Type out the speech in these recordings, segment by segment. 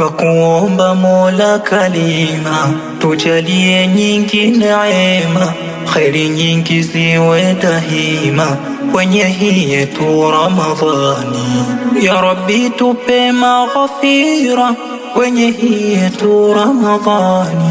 Twakuomba Mola kalima tujalie nyingi neema, kheri nyingi ziwe dahima kwenye hii yetu Ramadhani. Ya Rabbi tupe maghfira kwenye hii yetu Ramadhani,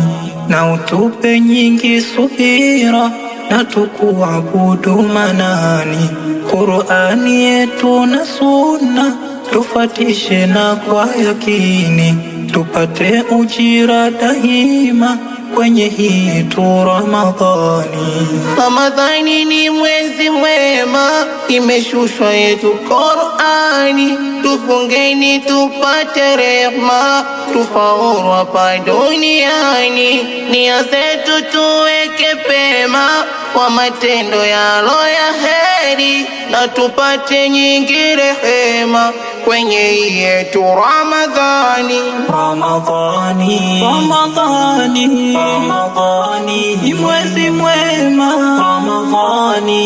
na utupe nyingi subira na tukuabudu manani, Qur'ani yetu na Sunna tufatishe na kwa yakini, tupate ujira daima kwenye hii tu Ramadhani. Ramadhani ni mwezi mwema, imeshushwa yetu Qur'ani, tufungeni tupate rehma, tufaulu hapa duniani, nia zetu tuweke pema kwa matendo yalo ya heri, na tupate nyingi rehema kwenye yetu Ramadhani, Ramadhani, Ramadhani, Ramadhani, ni mwezi mwema Ramadhani,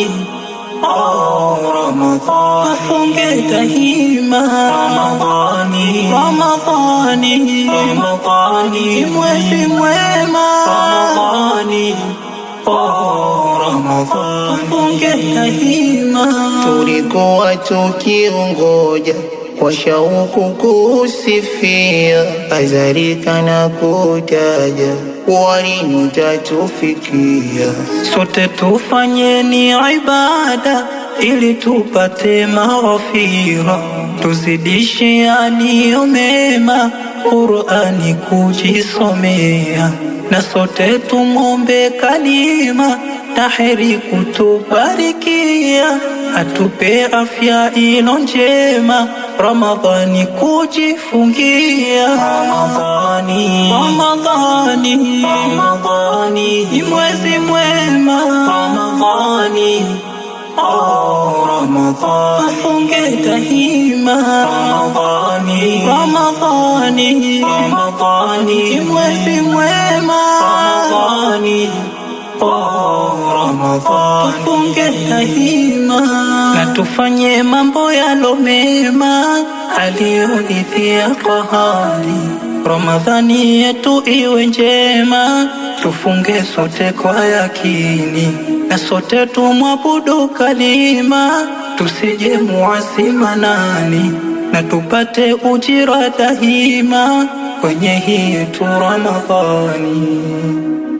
oh Ramadhani, tahima Ramadhani, Ramadhani, Ramadhani, ni mwezi mwema Ramadhani, oh Ramadhani, tahima, tulikuwa tukiongoja kwa shauku kusifia, kadhalika na kutaja walini tatufikia. Sote tufanyeni ibada ili tupate maghfira, tuzidishe yaliyo mema, Qur'ani kujisomea, na sote tumombe kalima taheri kutubarikia, atupe afya ilo njema Ramadhani kujifungia, Ramadhani, Ramadhani, Ramadhani ni mwezi mwema, Ramadhani, oh, Ramadhani ufunge tahima, Ramadhani, Ramadhani, Ramadhani ni mwezi mwema, Ramadhani, oh, Ramadhani ufunge tahima tufanye mambo yalo mema kwa hali Ramadhani yetu iwe njema, tufunge sote kwa yakini na sote tumwabudu kalima, tusije muasi manani na tupate ujira dahima kwenye hii yetu Ramadhani.